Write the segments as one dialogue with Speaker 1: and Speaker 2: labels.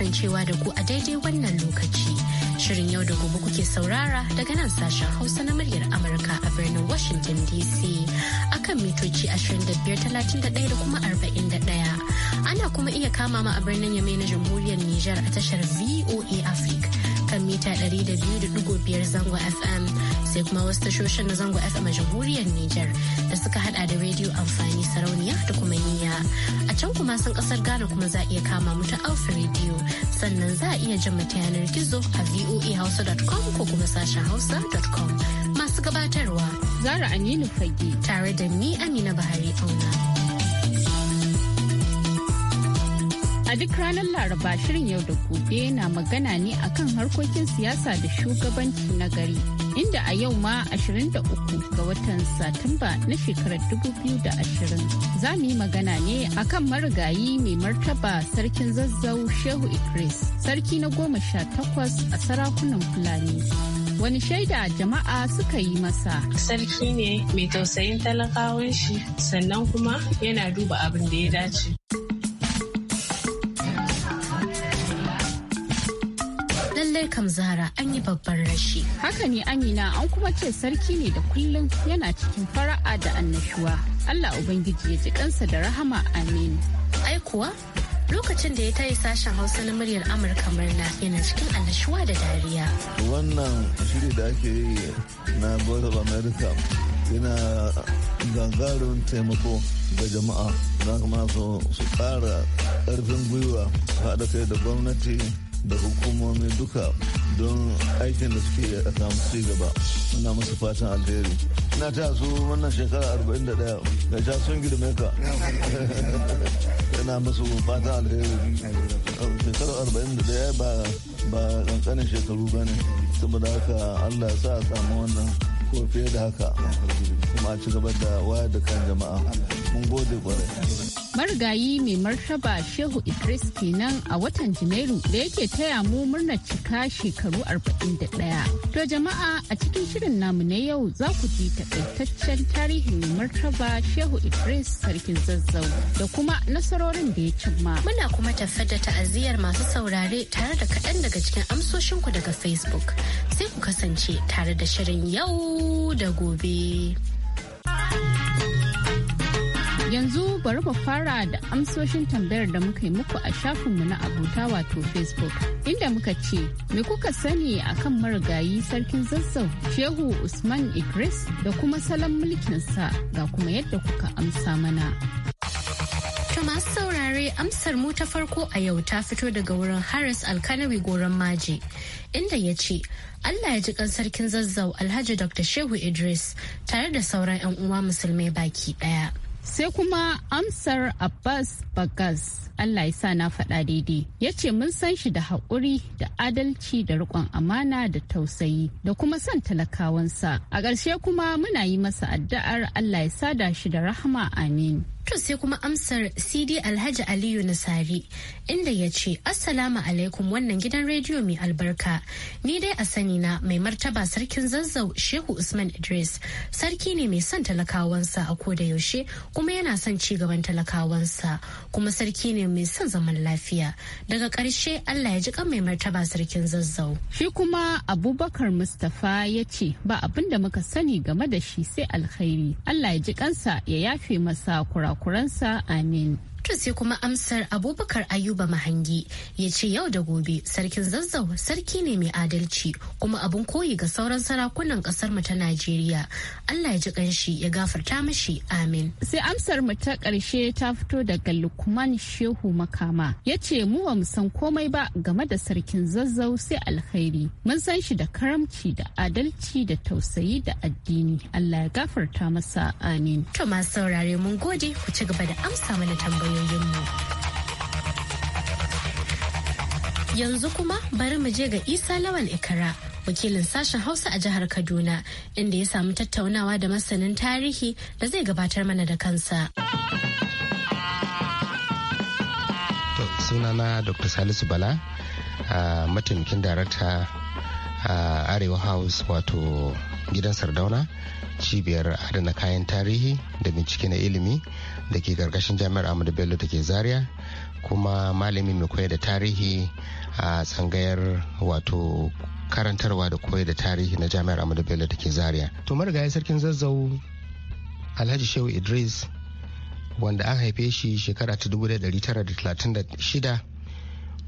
Speaker 1: kasancewa da ku a daidai wannan lokaci. Shirin yau da gobe kuke saurara daga nan sashen Hausa na muryar Amurka a birnin Washington DC a kan mitoci 25,31 da kuma 41. Ana kuma iya kama ma a birnin Yamai na Jamhuriyar Nijar a tashar VOA Africa. kan mita 200.5 zango FM sai kuma wasu tashoshin na zango FM a jamhuriyar Nijar da suka hada da rediyo amfani sarauniya da kuma yiya A can kuma sun kasar Ghana kuma za a iya kama mu ta Alfa Radio sannan za a iya jin mu ta yanar gizo a voahausa.com ko kuma sashen hausa.com masu gabatarwa zara aminu fage tare da ni amina bahari auna a
Speaker 2: duk ranar laraba shirin yau da gobe na magana ne akan harkokin siyasa da shugabanci na gari inda a yau ma 23 ga watan Satumba na shekarar 2020 za mu yi magana ne akan marigayi mai martaba sarkin zazzau Shehu Idris sarki na goma sha takwas a sarakunan Fulani. wani shaida jama'a suka yi masa.
Speaker 1: Sarki ne mai tausayin talakawan shi sannan kuma yana duba abin da ya dace. kam zara an yi babban rashi.
Speaker 2: Haka ne Amina an kuma ce sarki ne da kullum yana cikin fara'a da annashuwa.
Speaker 1: Allah Ubangiji ya ji kansa da rahama amin. Ai kuwa lokacin da ya tayi sashen hausa na muryar amurka murna yana cikin annashuwa da dariya
Speaker 3: wannan shiri da ake yi na voice of america yana gangarin taimako ga jama'a don kuma su kara karfin gwiwa haɗa kai da gwamnati da hukumomi duka don aikin da suke a samu ci gaba muna musu fatan alheri ina ta su wannan shekara 41 da ja sun gida ka yana musu fatan alheri shekara 41 ba ba kankanin shekaru ba ne saboda haka allah sa a samu wannan ko fiye da haka kuma a ci gaba da wayar da kan jama'a mun gode kwarai
Speaker 2: marigayi mai martaba shehu idris kenan a watan janairu da yake taya mu murna cika shekaru 41 to jama'a a cikin shirin namu na yau za ku ji takaitaccen tarihin mai martaba
Speaker 1: shehu idris sarkin zazzau da kuma nasarorin da ya cimma muna kuma tafe da ta'aziyar masu saurare tare da kaɗan daga cikin amsoshinku daga facebook sai ku kasance tare da shirin yau da gobe.
Speaker 2: Yanzu bari mu fara da amsoshin tambayar da muka yi muku a shafinmu na abota wato Facebook. Inda muka ce, me kuka sani akan marigayi sarkin zazzau Shehu Usman Idris da kuma salon mulkinsa ga kuma yadda
Speaker 1: kuka amsa mana. To masu saurare amsar mu ta farko a yau ta fito daga wurin Haris Alkanawi goron maji inda ya ce Allah ya ji kan sarkin zazzau Alhaji Dr. Shehu Idris tare da sauran 'yan uwa musulmai baki daya.
Speaker 2: Sai kuma amsar Abbas Bagas Allah ya sa na faɗa daidai ya ce mun san shi da haƙuri da adalci da riƙon amana da tausayi da kuma son talakawansa. A ƙarshe kuma muna yi masa addu'ar Allah ya sada shi
Speaker 1: da rahama amin. To sai kuma amsar CD Alhaji Aliyu Nasari inda ya ce Assalamu alaikum wannan gidan rediyo mai albarka. Ni dai a sani na mai martaba sarkin zazzau Shehu Usman Idris sarki ne mai son talakawansa a ko da yaushe kuma yana son ci gaban talakawansa kuma sarki ne mai son zaman lafiya. Daga karshe Allah ya ji kan mai martaba sarkin zazzau.
Speaker 2: Shi kuma Abubakar Mustapha ya ce ba abin da muka sani game da shi sai alkhairi. Allah ya ji kansa
Speaker 1: ya yafe masa kurakura. kuransa amin To sai kuma amsar abubakar ayuba mahangi ya ce yau da gobe sarkin zazzau sarki ne mai adalci kuma abun koyi ga sauran sarakunan kasar mu ta Najeriya. Allah ya ji kanshi ya gafarta mashi amin.
Speaker 2: Sai amsar mu ta karshe ta fito daga Lukman Shehu Makama ya ce mu ba mu san komai ba game da sarkin zazzau sai alkhairi. Mun san shi da karamci
Speaker 1: da adalci da tausayi da addini. Allah ya gafarta masa amin. To masu saurare mun gode ku ci gaba da amsa mana tambayoyi. ra'ayoyinmu. Yanzu kuma bari mu je ga Isa Lawan Ikara, wakilin sashen Hausa a jihar Kaduna, inda ya samu tattaunawa da masanin tarihi da zai gabatar mana da kansa.
Speaker 4: Sunana Dr. Salisu Bala, mataimakin darakta a arewa house wato gidan sardauna cibiyar adana kayan tarihi da bincike na ilimi da ke karkashin jami'ar amadu bello da ke zaria kuma malami mai koyar da tarihi a tsangayar wato karantarwa da koyar da tarihi na jami'ar amadu bello da ke zaria to marigayi sarkin zazzau alhaji shehu idris wanda an haife shi shekara ta 1936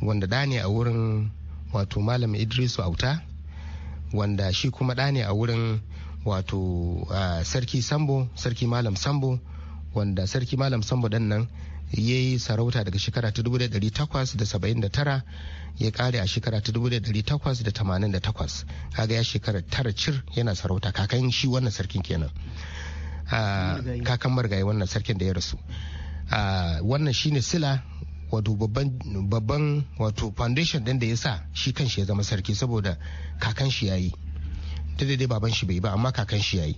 Speaker 4: wanda da a wurin wato malam Idris auta wanda shi kuma ɗa ne a wurin wato uh, sarki sambo sarki malam sambo wanda sarki malam sambo ɗan nan ya yi sarauta daga shekara ta 1879 ya ƙare a shekara ta 1888 kaga ya shekara tara cir yana sarauta kakan shi wannan sarkin kenan kakan margayi wannan sarkin da ya rasu wannan shine sila wato babban wato foundation din da ya sa shi kan shi ya zama sarki saboda kakan shi yayi ta daidai baban shi bai ba amma kakan shi yayi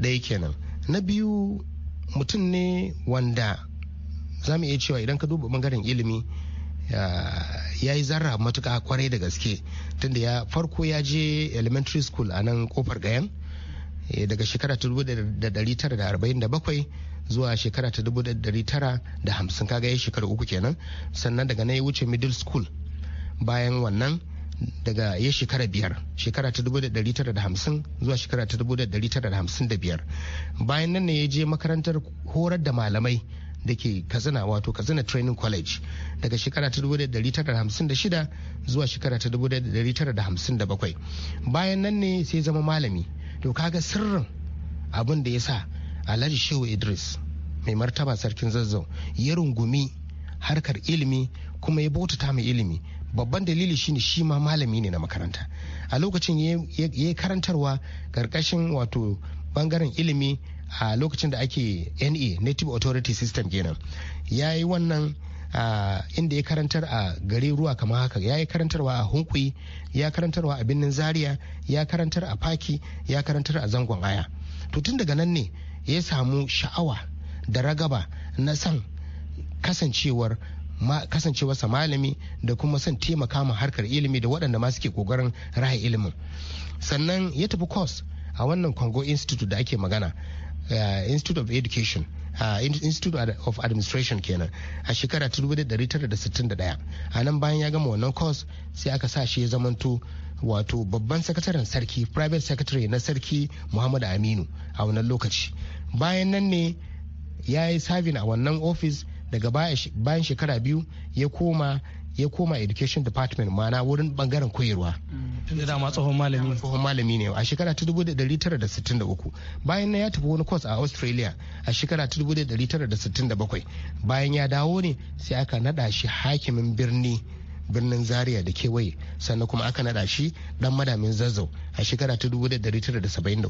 Speaker 4: ɗaya kenan na biyu mutum ne wanda za mu iya cewa idan ka duba bangaren ilimi ya yi zarra matuka kwarai da gaske tunda ya farko ya je elementary school a nan kofar gayan Eh, daga shekara ta 1947 zuwa shekara ta 1950 kaga ya shekara uku kenan sannan daga nan ya wuce middle school bayan wannan daga ya shekara biyar shekara ta 1950 zuwa shekara ta 1955 bayan nan ne ya je makarantar horar da malamai da ke katsina wato katsina training college daga shekara ta 1956 zuwa shekara ta 1957 bayan nan ne sai zama malami to kaga sirrin abin da ya sa alhaji shehu idris mai martaba sarkin zazzau ya rungumi harkar ilimi kuma ya bautata mai ilimi babban dalili shine shi ma malami ne na makaranta a lokacin ya karantarwa karkashin wato bangaren ilimi a lokacin da ake na native authority system kenan ya yi wannan inda ya karantar a gari ruwa kamar haka ya yi karantarwa a hunkuyi ya karantarwa a birnin zaria ya karantar a paki ya karantar a zangon aya to tun daga nan ne ya samu sha'awa da ragaba na san kasancewar kasancewarsa malami da kuma son taimaka ma harkar ilimi da waɗanda ma suke ƙoƙarin raya ilimin sannan ya tafi course a wannan congo institute da ake magana eh, institute of education a institute of administration kenan a shekara 1961 a nan bayan ya gama wannan course sai aka sa shi ya zamanto wato babban sakataren sarki private secretary na sarki muhammadu aminu a wannan lokaci bayan nan ne ya yi a wannan office daga bayan shekara biyu ya koma ya koma education department mana wurin bangaren koyarwa tunda dama tsohon malami tsohon malami ne a shekara ta 1963 bayan na ya tafi wani course a Australia a shekara ta 1967 bayan ya dawo ne sai aka nada shi hakimin birni birnin zaria da kewaye sannan kuma aka nada shi dan madamin zazzau a shekara ta 1973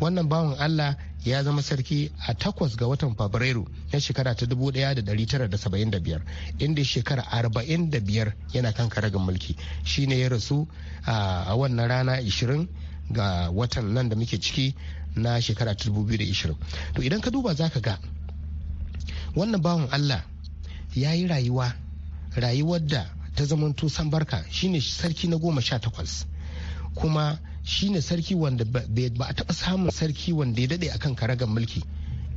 Speaker 4: wannan bawan allah ya zama sarki a takwas ga watan fabrairu na shekara ta 1975 inda shekara 45 yana kan karagan mulki shine ya rasu a wannan rana 20 ga watan nan da muke ciki na shekara ta 2020 to idan ka duba za ka ga wannan bawan allah ya yi rayuwa rayuwar da ta tusan barka shine sarki na goma sha takwas kuma shine sarki wanda ba a taɓa samun sarki wanda ya daɗe akan karagar mulki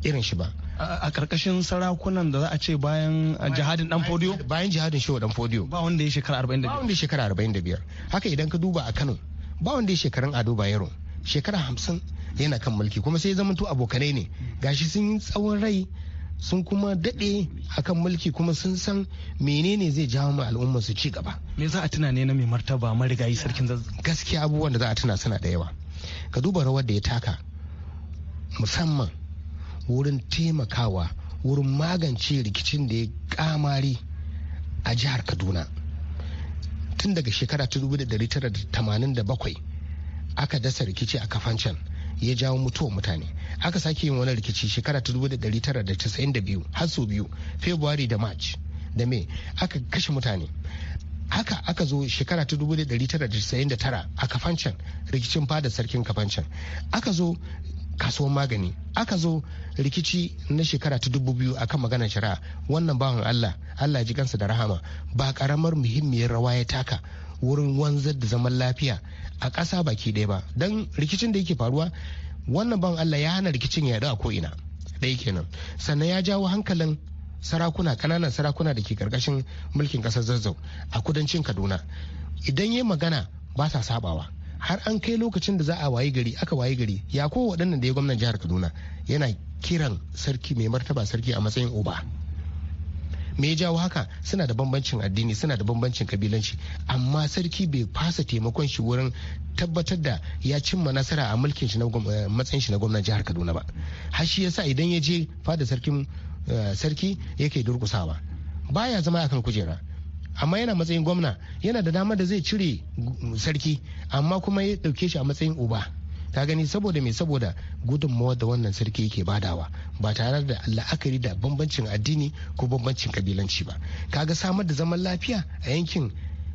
Speaker 4: irin shi ba a karkashin sarakunan da za a ce bayan jihadin dan fodiyo bayan jihadin shehu dan fodiyo ba wanda ya shekara 45 ba wanda ya shekara 45 haka idan ka duba a Kano ba wanda ya shekarun Ado Bayero shekara 50 yana kan mulki kuma sai ya zamanto abokanai ne gashi sun yi tsawon rai sun kuma daɗe akan mulki kuma sun san menene zai jawo ma al'umma su ci gaba me za a tuna ne na mai martaba marigayi sarkin zazzau gaskiya abubuwan da za a tuna suna da yawa ka duba rawar da ya taka musamman wurin taimakawa wurin magance rikicin da ya kamari a jihar kaduna tun daga shekara 1987 aka dasa rikici a kafancan ya jawo mutuwar mutane aka sake yin wani rikici shekara ta 1992 har sau biyu february da march da me aka kashe mutane haka aka zo shekara ta 1999 a kafancan rikicin fada sarkin kafancan aka zo kasuwan magani aka zo rikici na shekara ta dubu biyu akan maganar shari'a wannan bawan allah allah ji kansa da rahama ba karamar muhimmiyar rawa ya taka wurin wanzar da zaman lafiya a ƙasa baki ɗaya ba don rikicin da yake faruwa wannan ban Allah ya hana rikicin ya a ko'ina ɗaya kenan sannan ya jawo hankalin sarakuna ƙananan sarakuna da ke ƙarƙashin mulkin ƙasar zazzau a kudancin kaduna idan ya magana ba sa sabawa har an kai lokacin da za a wayi gari aka wayi gari ya ko waɗannan da ya gwamnan jihar kaduna yana kiran sarki mai martaba sarki a matsayin uba me ya jawo haka suna da bambancin addini suna da bambancin kabilanci amma sarki bai fasa taimakon shi wurin tabbatar da ya cimma nasara a mulkin shi na eh, matsayin shi na gwamnan jihar Kaduna ba har shi yasa idan ya je fada sarkin eh, sarki yake durkusawa baya zama akan kujera amma yana matsayin gwamna yana da damar da zai cire sarki amma kuma ya dauke shi a matsayin uba ka gani saboda mai saboda gudunmawar da wannan sarki yake badawa ba tare da la'akari da bambancin addini ko bambancin kabilanci ba kaga samar da zaman lafiya a yankin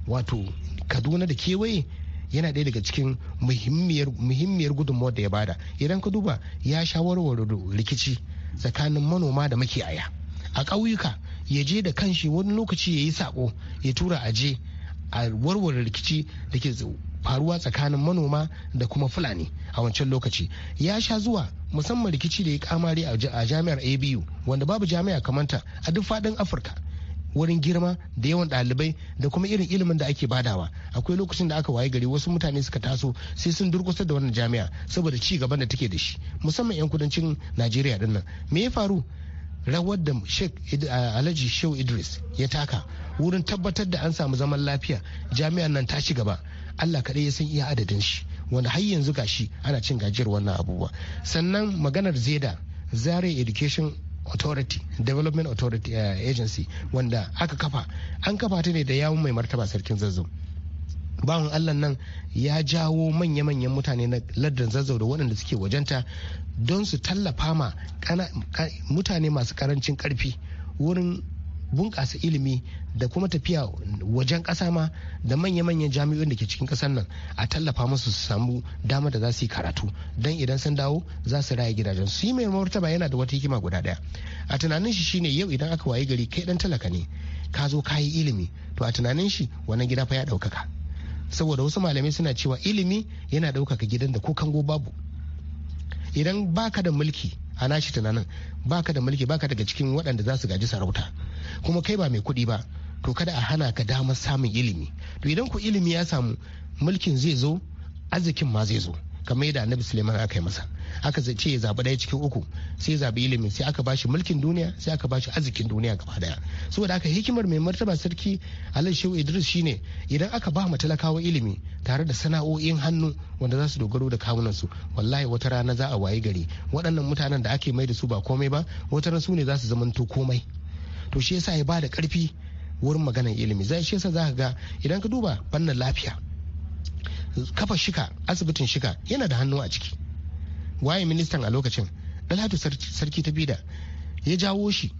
Speaker 4: wato kaduna da kewaye yana ɗaya daga cikin muhimmiyar gudunmawar da ya bada idan ka duba ya shawarwar rikici tsakanin manoma da makiyaya a ƙauyuka ya je da kanshi wani lokaci ya yi sako ya tura aje a warware rikici da ke faruwa tsakanin manoma da kuma fulani a wancan lokaci ya sha zuwa musamman rikici da ya kamare a jami'ar abu wanda babu jami'a kamanta a duk faɗin afirka wurin girma da yawan ɗalibai da kuma irin ilimin da ake badawa akwai lokacin da aka waye gari wasu mutane suka taso sai sun durkusar da wannan jami'a saboda ci gaban da take da shi musamman 'yan kudancin najeriya dinnan me ya faru rawar da alhaji shehu idris ya taka wurin tabbatar da an samu zaman lafiya jami'an nan ta ci gaba Allah kaɗai ya san iya adadin shi wanda har yanzu ga shi ana cin gajiyar wannan abubuwa sannan maganar zeda zare education authority development authority uh, agency wanda aka kafa an kafa ta ne da yawun mai martaba sarkin zazzau bawan allah nan ya jawo manya-manyan mutane na laddan zazzau da waɗanda suke wajenta don su tallafa ma mutane masu karancin karfi wurin bunƙasa ilimi da kuma tafiya wajen ƙasa ma da manya-manyan jami'o'in da ke cikin ƙasar nan a tallafa musu su samu dama da za su yi karatu don idan sun dawo za su raya gidajen su yi mai martaba yana da wata hikima guda ɗaya a tunanin shi shine yau idan aka wayi gari kai dan talaka ne ka zo ka yi ilimi to a tunanin shi wannan gida fa ya ɗaukaka saboda wasu malamai suna cewa ilimi yana ɗaukaka gidan da ko kango babu idan baka da mulki a nashi tunanin baka da mulki baka daga cikin waɗanda za su gaji sarauta kuma kai ba mai kuɗi ba to kada a hana ka damar samun ilimi to idan ku ilimi ya samu mulkin zai zo arzikin ma zai zo kamar yadda annabi suleiman aka yi masa aka ce ya zaɓi ɗaya cikin uku sai ya zaɓi ilimin sai aka bashi mulkin duniya sai aka bashi arzikin duniya gaba daya saboda aka hikimar mai martaba sarki alhaji shehu idris shine idan aka ba mu talakawa ilimi tare da sana'o'in hannu wanda za su dogaro da kawunansu wallahi wata rana za a wayi gari waɗannan mutanen da ake mai da su ba komai ba wata rana su ne za su zamanto komai to shi yasa ya ba da ƙarfi wurin maganar ilimi zai shi yasa za ka ga idan ka duba fannin lafiya kafa shika asibitin shika yana da hannu a ciki waye ministan a lokacin dalhatu sarki ta bida ya jawo shi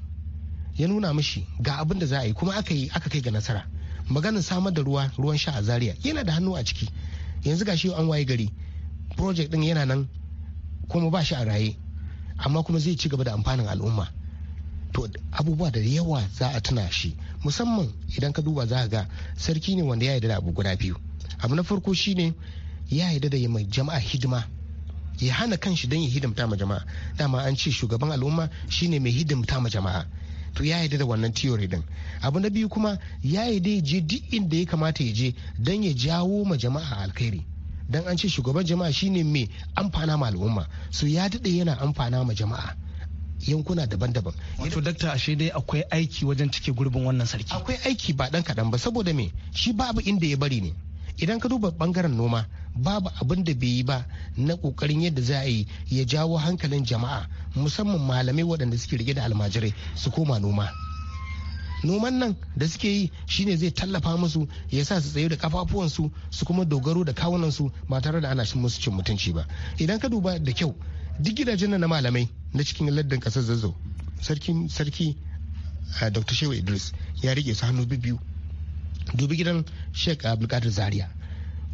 Speaker 4: ya nuna mishi ga abin da za a yi kuma aka yi aka kai ga nasara maganin samar da ruwa ruwan sha a zaria yana da hannu a ciki yanzu gashi an waye gari project din yana nan kuma ba shi a raye amma kuma zai ci gaba da amfanin al'umma to abubuwa da yawa za a tuna shi musamman idan ka duba za ga sarki ne wanda ya yi da abu guda biyu abu na farko shine ya yarda da mai jama'a hidima ya hana kan shi don ya hidimta ma jama'a dama an ce shugaban al'umma shine mai hidimta ma jama'a to ya yarda da wannan theory din abu na biyu kuma ya yi ya je duk inda ya kamata ya je don ya jawo ma jama'a alkhairi dan an ce shugaban jama'a shine mai amfana ma al'umma so ya dade yana amfana ma jama'a yankuna daban-daban. Wato dakta ashe dai akwai aiki wajen cike gurbin wannan sarki. Akwai aiki ba dan kaɗan ba saboda me shi babu inda ya bari ne. idan ka duba bangaren noma babu abin da bai yi ba na kokarin yadda za a yi ya jawo hankalin jama'a musamman malamai waɗanda suke rike da almajirai su koma noma noman nan da suke yi shine zai tallafa musu ya sa su tsaye da kafafuwansu su kuma dogaro da kawunansu ba tare da ana musu cin mutunci ba idan ka duba da kyau duk gidajen na malamai na cikin laddan kasar zazzau sarki sarki eh, dr shehu idris ya rike su hannu biyu dubi gidan sheikh abdulkadir zaria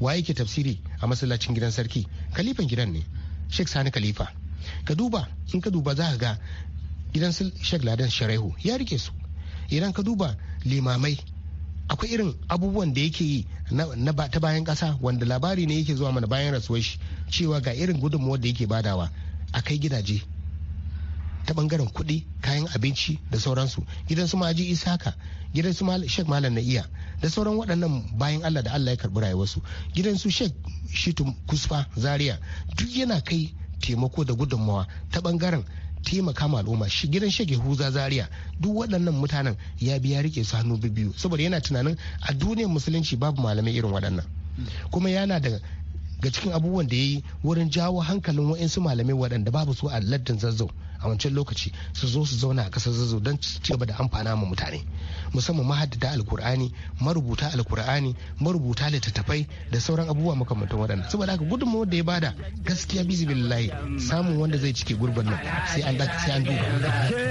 Speaker 4: waye ke tafsiri a masallacin gidan sarki kalifan gidan ne sheikh sani kalifa ka duba in ka duba za ka ga gidan sheikh ladan sharaihu ya rike su idan ka duba limamai akwai irin abubuwan da yake yi na ta bayan kasa wanda labari ne yake zuwa mana bayan rasuwar shi cewa ga irin gudunmuwar da yake badawa a kai gidaje ta bangaren kuɗi kayan abinci da sauransu gidan su maji isaka gidan su shek malam na iya da sauran waɗannan bayan allah da allah ya karɓi rayuwarsu gidan su shek shitu kusfa zaria duk yana kai taimako da gudunmawa ta bangaren taimaka ma al'umma shi gidan shege huza zaria duk waɗannan mutanen ya biya rike su hannu biyu saboda yana tunanin a duniyar musulunci babu malamai irin waɗannan kuma yana da ga cikin abubuwan da ya yi wurin jawo hankalin wa'insu malamai waɗanda babu su a lardin zazzau a wancan lokaci su zo su zauna a kasar zazzau don ci gaba da amfana ma mutane musamman mahaddata alkur'ani marubuta alkur'ani marubuta littattafai da sauran abubuwa makamantan waɗanda saboda haka gudunmawar da ya bada gaskiya bizibillahi samun wanda zai cike gurbin nan sai an daka sai an duba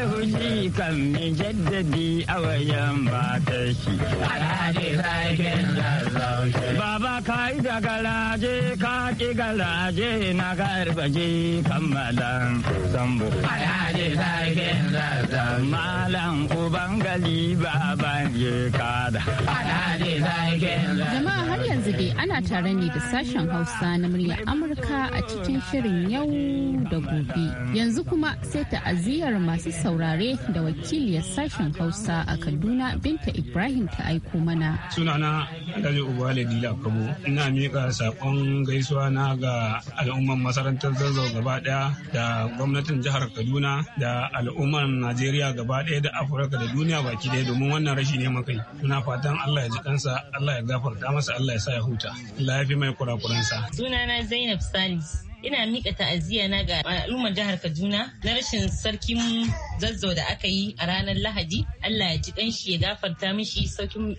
Speaker 5: Baba ka yi da galaje ka ki galaje na garbaje kammalan zambo sarkin
Speaker 2: Jama'a har yanzu dai ana tare ne da sashen Hausa na murya Amurka a cikin shirin yau da gobe. Yanzu kuma sai ta'aziyar masu saurare da wakiliyar sashen Hausa a Kaduna Binta Ibrahim ta aiko mana.
Speaker 6: Sunana Alhaji uba Dila Kabo ina miƙa saƙon gaisuwa na ga al'umman masarantar zazzau gaba ɗaya da gwamnatin jihar Kaduna. kaduna da al'ummar najeriya gaba ɗaya da afirka da duniya baki ɗaya domin wannan rashi ne makai muna fatan
Speaker 3: allah ya ji kansa allah ya gafarta masa allah ya sa ya huta allah ya fi mai kurakuransa
Speaker 1: sunana zainab salis ina miƙa ta'aziyya na ga al'ummar jihar kaduna na rashin sarkin zazzau da aka yi a ranar lahadi allah ya ji shi ya gafarta mishi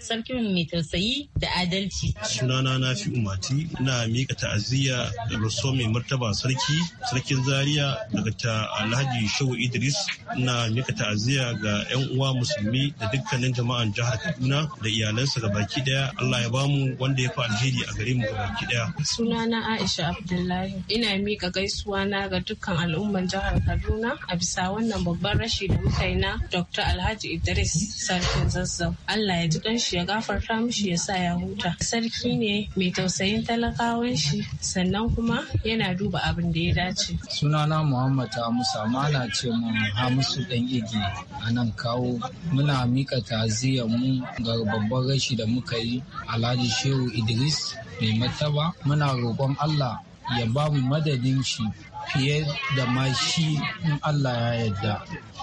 Speaker 1: sarkin mai tausayi da adalci
Speaker 3: sunana na fi umarci na mika ta'aziyya da raso mai martaba sarki sarkin Zariya, daga ta alhaji shehu idris na mika ta'aziyya ga yan uwa musulmi da dukkanin jama'an jihar kaduna da iyalansa ga baki daya allah ya bamu wanda ya fi alheri a gare mu ga baki daya
Speaker 1: sunana aisha abdullahi ina mika gaisuwa na ga dukkan al'ummar jihar kaduna a bisa wannan babbar rashin tashi da muka na Dr. Alhaji Idris Sarkin Zazzau. Allah ya ji shi ya gafarta mishi ya sa ya huta. Sarki ne mai tausayin talakawan shi sannan kuma yana duba abin da ya dace.
Speaker 6: Sunana Muhammad Hamisu na ce mun Hamisu ɗan igi a nan kawo muna mika taziya mu ga babban rashi da muka yi Alhaji Shehu Idris mai mataba muna roƙon Allah ya ba mu madadin shi fiye da ma shi in Allah ya yarda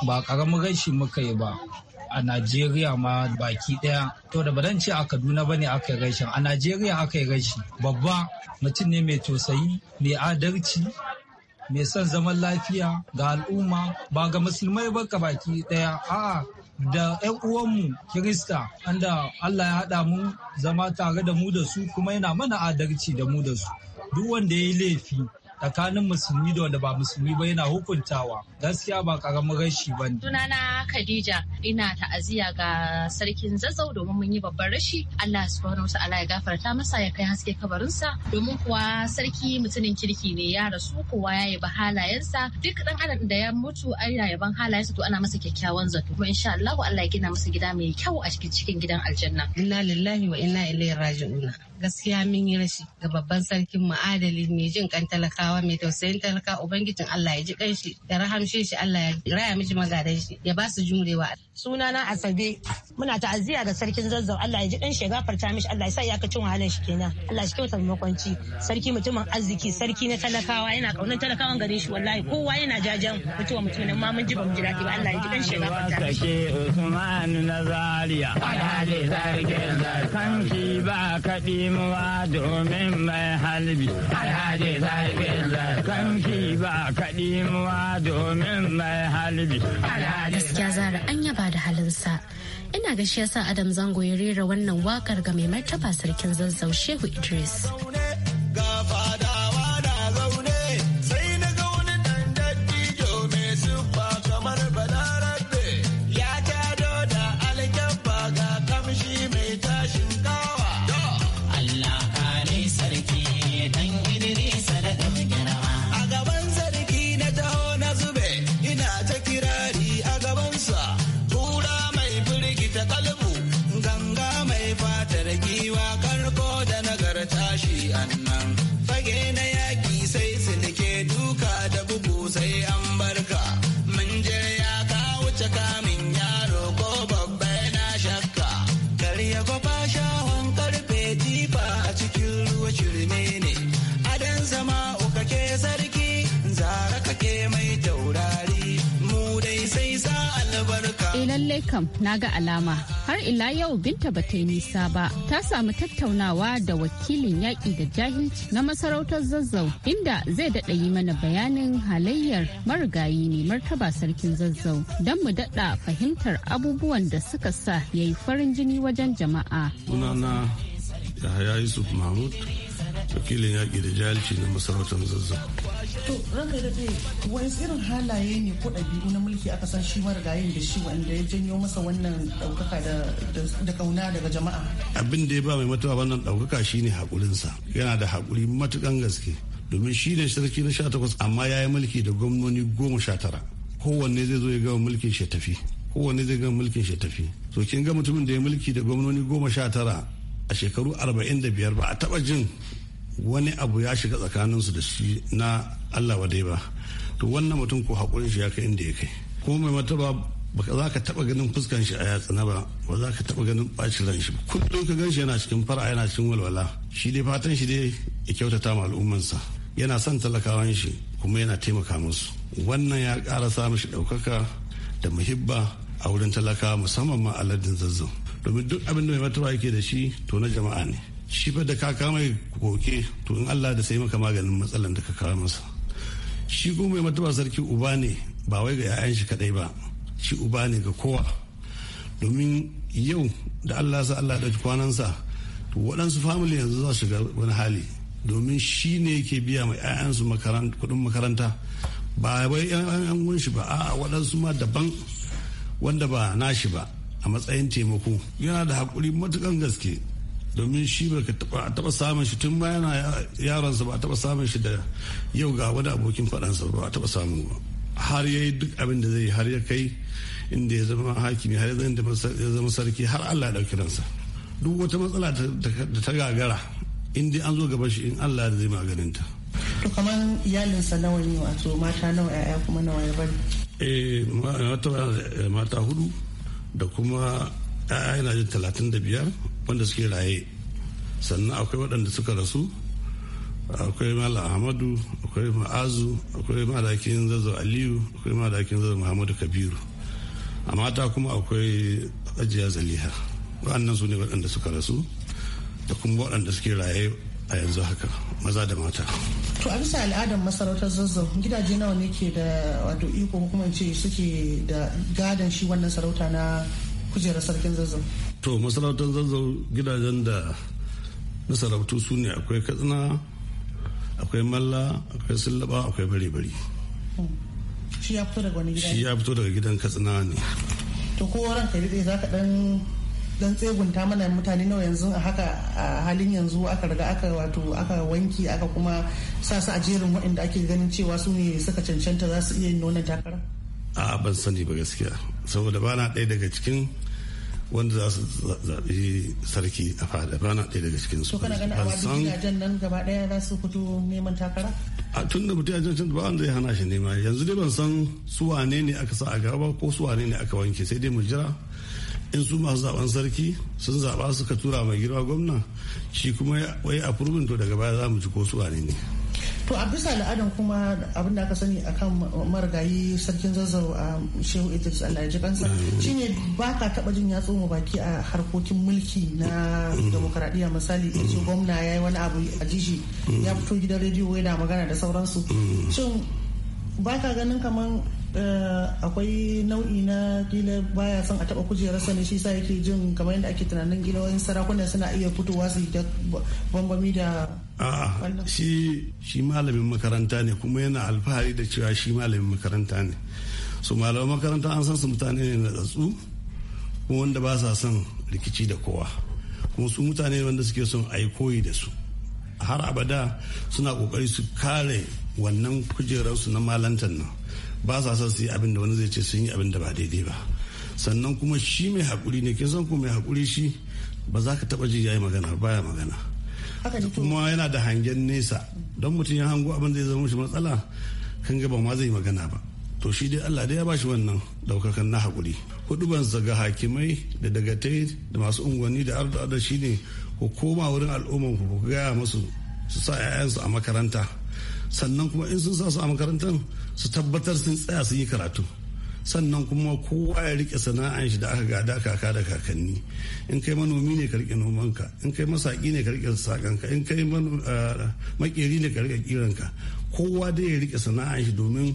Speaker 6: ba karamin rashi muka yi ba a Najeriya ma baki daya to da badan ce a Kaduna bane aka yi rashin a Najeriya aka yi rashi babba mutum ne mai tosayi mai adalci mai son zaman lafiya ga al'umma ba ga musulmai ba ka baki daya a'a da 'yan uwanmu kirista anda Allah ya haɗa mu zama tare da mu da su kuma yana mana adalci da mu da su duk wanda ya yi laifi tsakanin musulmi da wanda ba musulmi ba yana hukuntawa gaskiya ba karamin rashi ba ne.
Speaker 1: Suna na Khadija ina ta'aziyya ga sarkin zazzau domin mun yi babban rashi Allah subhanahu wa ta'ala ya gafarta masa ya kai haske kabarinsa domin kuwa sarki mutumin kirki ne ya rasu kowa ya yi halayensa duk dan adam da ya mutu ana yaban halayensa to ana masa kyakkyawan zato kuma insha Allah Allah ya gina masa gida mai kyau a cikin cikin gidan aljanna. Inna lillahi wa inna ilaihi raji'una. gaskiya mun yi rashi ga babban sarkin mu adali mai
Speaker 2: jin kan talakawa mai tausayin talaka ubangijin Allah ya ji kanshi ya rahamshe shi Allah ya raya miji
Speaker 1: magadan shi ya ba su Suna sunana asabe muna ta'aziyya ga sarkin zazzau Allah ya ji kanshi ya gafarta mishi Allah ya sa ya cin wahalar shi kenan Allah shi kyauta makwanci sarki mutumin arziki sarki na talakawa yana kaunar talakawan gare shi wallahi kowa yana jajan mutuwa mutumin ma mun ji ba mu ji daɗi ba Allah ya ji kanshi ya gafarta
Speaker 5: mishi Usman na Zaria Allah sarkin zakanki ba kaɗi himuwa domin mai halbi alhaji sarkin zakanki ba kaɗi muwa domin mai halbi gaskiya
Speaker 1: zara an yaba da halinsa ina ga shi yasa adam zango ya rera wannan wakar ga mai martaba sarkin zazzau shehu idris
Speaker 2: kam na ga alama har ila yau binta ba ta yi nisa ba ta samu tattaunawa da wakilin yaƙi da jahilci na masarautar zazzau inda zai daɗa yi mana bayanin halayyar marigayi ne martaba sarkin zazzau don mu daɗa fahimtar abubuwan da suka sa ya yi farin jini wajen jama'a.
Speaker 3: Sunana Yahaya Yusuf Mahmud wakilin yaƙi da jahilci na masarautar zazza.
Speaker 7: to ranka da wani irin halaye ne ko ɗabi'u na mulki aka san shi gayin da shi wanda ya janyo masa wannan ɗaukaka da kauna daga jama'a.
Speaker 3: abin da ya ba mai matuwa wannan ɗaukaka shi ne haƙurinsa yana da haƙuri matuƙan gaske domin shi ne sarki na sha takwas amma ya yi mulki da gwamnoni goma sha tara kowanne zai zo ya gama mulkin shi tafi kowanne zai gama mulkin shi tafi to kin ga mutumin da ya mulki da gwamnoni goma sha tara a shekaru 45 ba a taba jin wani abu ya shiga tsakaninsu da shi na allah wadai ba to wannan mutum ko haƙurin shi ya kai inda ya kai kuma mai mataba ba za ka taɓa ganin fuskan shi a yatsana ba ba za ka taɓa ganin ɓacin ran shi kullum ka gan shi yana cikin fara yana cikin walwala shi dai fatan shi dai ya kyautata ma al'ummansa yana son talakawan shi kuma yana taimaka musu wannan ya ƙara sa mishi ɗaukaka da muhibba a wurin talakawa musamman ma aladin zazzau domin duk abin da mai mataba yake da shi to na jama'a ne shi fa da ka kama koke to in Allah da sai maka maganin matsalan da ka kawo masa shi kuma mai martaba sarki uba ne ba wai ga 'ya'yan shi kadai ba shi uba ne ga kowa domin yau da Allah sa Allah da kwanan sa to waɗansu family yanzu za su shiga wani hali domin shi ne yake biya ma yayan kuɗin makaranta ba wai 'yan shi ba a waɗansu ma daban wanda ba nashi ba a matsayin taimako yana da haƙuri matukan gaske domin shi ba ka taba samun shi tun bayan yaronsa ba a taba samun shi da yau ga wani abokin faɗansa ba a taba samu ba har ya yi duk abin da zai har ya kai inda ya zama hakimi har ya zama sarki har Allah ya dauki ransa duk wata matsala da ta gagara inda an zo gaba shi in Allah da zai maganin ta
Speaker 7: to kamar iyalinsa nawa ne wato mata nawa yaya kuma nawa ya bari
Speaker 3: eh mata eh, mata hudu da kuma yaya yana jin talatin da biyar wanda suke raye sannan akwai waɗanda suka rasu akwai mala ahmadu akwai ma'azu akwai madakin zazzau aliyu akwai madakin zazzau muhammadu kabiru a mata kuma akwai ajiya zaliha waɗannan su ne waɗanda suka rasu da kuma waɗanda suke raye a yanzu haka maza da mata
Speaker 7: to a bisa al'adar masarautar zazzau gidaje nawa ne ke da wato iko kuma ce suke da gadon shi wannan sarauta na kujerar sarkin zazzau
Speaker 3: to masarautar zazzau gidajen da masarautu su ne akwai katsina akwai malla akwai sullaba akwai bare-bare
Speaker 7: shi
Speaker 3: ya fito daga gidan katsina ne
Speaker 7: to ko ran dai za ka dan dan tsegunta mana mutane nawa yanzu a haka a halin yanzu aka riga aka wato aka wanki aka kuma sa su a jerin waɗanda ake ganin cewa su ne suka cancanta za su iya yin takara
Speaker 3: a ban sani ba gaskiya saboda ba na ɗaya daga cikin wanda za su zaɓi sarki a fada bana ɗaya daga cikin su. kana ganin gidajen
Speaker 7: nan gaba ɗaya za su fito neman takara?
Speaker 3: a tun da mutum ya can ba wanda zai hana shi nema yanzu dai ban san su wane ne aka sa a gaba ko su wane ne aka wanke sai dai mu jira in su masu zaben sarki sun zaɓa suka tura mai girma gwamna shi kuma wai a to daga baya za mu ji ko su wane ne. to
Speaker 7: a bisa al'adan kuma abin da aka sani akan marigayi sarkin zazzau a shehu idris a kansa shine ba ka taba jin ya tsoma baki a harkokin mulki na mm. demokaradiyya misali ya ce mm. gwamna ya yi wani abu a jishi ya mm. fito gidan rediyo yana magana da sauransu shin ba ka ganin kamar Eh, akwai nau'i na gila baya son a taba kujerar ne shi sa yake jin kamar yadda ake tunanin gila wani sarakuna suna iya fitowa su yi bambami da
Speaker 3: a'a shi malamin makaranta ne kuma yana alfahari da cewa shi malamin makaranta ne su malamin makaranta an san su mutane ne na tsatsu kuma wanda ba sa son rikici da kowa kuma su mutane wanda suke son a yi koyi da su har abada suna kokari su kare wannan kujerar su na malantan nan ba sa son su yi abin da wani zai ce sun yi abin da ba daidai ba sannan kuma shi mai hakuri ne kin san ku mai hakuri shi ba za ka taba ji yayi magana baya magana kuma yana da hangen nesa don mutum ya hango abin zai zama shi matsala kan gaba ma zai magana ba to shi dai Allah dai ya bashi wannan daukakan na hakuri huduban zaga hakimai da dagatai da masu unguwanni da arda da shine ku koma wurin al'umman ku ku gaya musu su sa 'ya'yansu a makaranta sannan kuma in sun sa su a makarantar su tabbatar sun tsaya sun yi karatu sannan kuma kowa ya rike sana'an shi da aka gada kaka da kakanni in kai manomi ne ka rike nomanka in kai masaki ne ka rike sakanka in kai makeri eh, ne ka rike kiranka kowa dai ya rike sana'an shi domin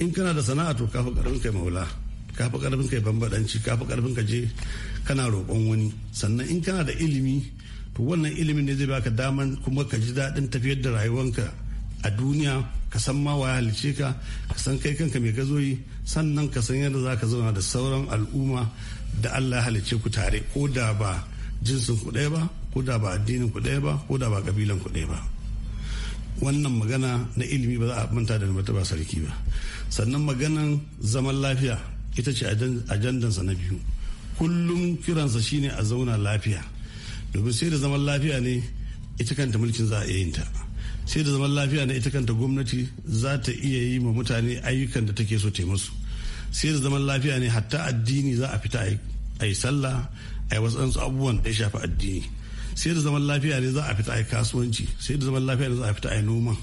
Speaker 3: in kana da sana'a to kafa karfin kai maula kafa karfin kai bambadanci kafa karfin ka je kana roƙon wani sannan in kana da ilimi to wannan ilimin ne zai baka daman kuma ka ji daɗin tafiyar da rayuwanka a duniya ka san ma waya halice ka ka san kai kanka mai gazo yi sannan ka san yadda za ka zauna da sauran al'umma da allah halice ku tare ko da ba jinsin ku ɗaya ba ko da ba addinin ku ɗaya ba ko da ba ƙabilan ku ɗaya ba wannan magana na ilimi ba za a manta da mata ba sarki ba sannan maganan zaman lafiya ita ce ajandansa na biyu kullum kiransa shine a zauna lafiya domin sai da zaman lafiya ne ita kanta mulkin za a iya ta sai da zaman lafiya na ita kanta gwamnati za ta iya yi ma mutane ayyukan da take so musu sai da zaman lafiya ne hatta addini za a fita a yi sallah a yi wasu abubuwan da ya shafi addini sai da zaman lafiya ne za a fita a yi kasuwanci sai da zaman lafiya ne za a fita a yi noma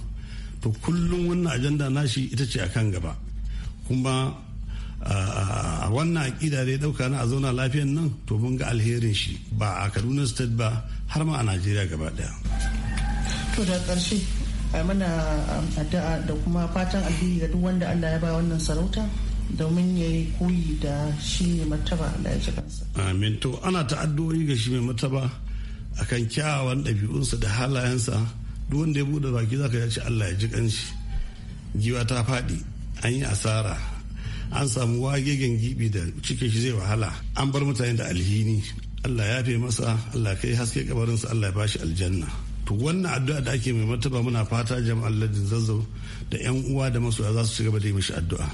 Speaker 3: to kullum wannan ajanda nashi ita ce a kan gaba kuma a wannan aƙida da ya ɗauka na a zauna lafiyan nan to mun ga alherin shi ba a kaduna state ba har ma a najeriya gaba ɗaya
Speaker 7: to da ƙarshe mana um, addu'a da kuma fatan alheri ga duk wanda Allah ya ba wannan sarauta domin ya yi koyi da shi mai martaba Allah ya ji kansa.
Speaker 3: Amin to ana ta'addu'o'i ga shi mai martaba akan kyawawan ɗabi'unsa da halayensa duk wanda ya buɗe baki zaka ya ci Allah ya ji kanshi. Giwa ta faɗi an yi asara an samu wagegen gibi da cikin shi zai wahala an bar mutane da alhini Allah ya fi masa Allah kai haske kabarinsa Allah ya bashi aljanna. to wannan addu'a da ake mai martaba muna fata jama'an ladin zazzau da yan uwa da masoya za su ci gaba da yi mishi addu'a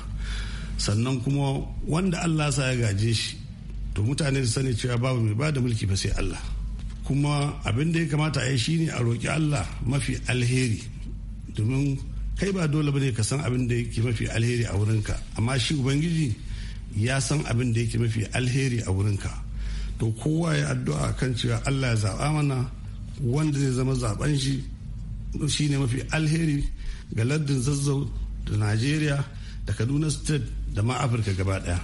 Speaker 3: sannan kuma wanda Allah sa ya gaje shi to mutane su sani cewa babu mai ba da mulki ba sai Allah kuma abin da ya kamata a yi ne a roƙi Allah mafi alheri domin kai ba dole bane ka san abin da yake mafi alheri a wurinka amma shi ubangiji ya san abin da yake mafi alheri a wurinka to kowa ya addu'a kan cewa Allah ya zaɓa mana wanda zai zama zaben shi shi ne mafi alheri ga lardin zazzau da najeriya da kaduna state da ma afirka gaba daya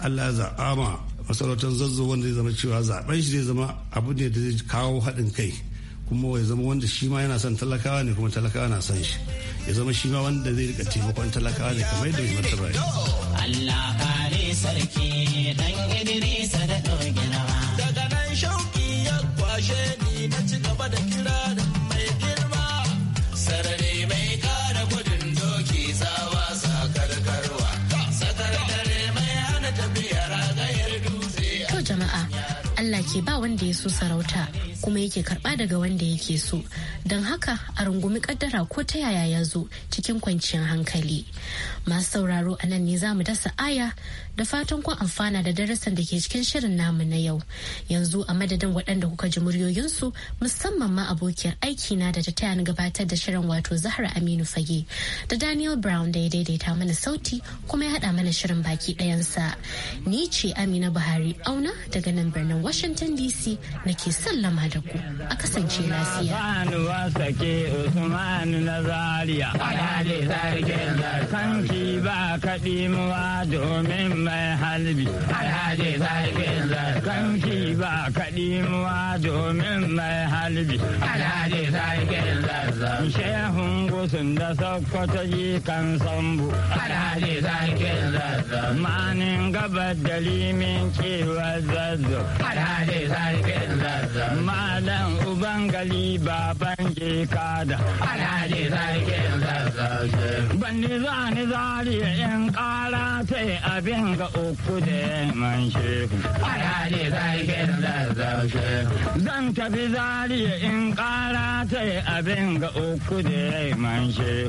Speaker 3: allah ya zaɓa ma masarautar zazzau wanda zai zama cewa zaben shi zai zama abu ne da zai kawo haɗin kai kuma ya zama wanda shi ma yana son talakawa ne kuma talakawa na son shi ya zama shi ma wanda zai rika taimakon talakawa ne kamar yadda mai martaba
Speaker 6: Allah kare
Speaker 1: yake ba wanda ya so sarauta kuma yake karba daga wanda yake so don haka a rungumi kaddara ko ta yaya ya zo cikin kwanciyar hankali masu sauraro a nan ne za mu dasa aya da fatan kun amfana da darasin da ke cikin shirin namu na yau yanzu a madadin waɗanda kuka ji muryoyinsu musamman ma abokiyar aiki na da ta taya ni gabatar da shirin wato zahra aminu fage da daniel brown da ya daidaita mana sauti kuma ya haɗa mana shirin baki ɗayansa ni ce amina buhari auna daga nan birnin washington Washington DC na ke sallama da ku a kasance lafiya.
Speaker 5: Sarki ba kaɗi muwa domin mai halbi. Alhaji sarkin zarkanki ba kaɗi muwa domin mai halbi. Alhaji sarkin zarkan. Shehun gusun da sokoto ji kan sambu. Alhaji sarkin zarkan. Manin gabar da kewar zazzo. Alhaji Malam Ubangali baban je kada. Alhaji sarkin zazzaje. Ban zani zari in kara sai abin ga uku da man shehu. Alhaji sarkin zazzaje. Zan tafi zari in kara sai abin ga uku da man shehu.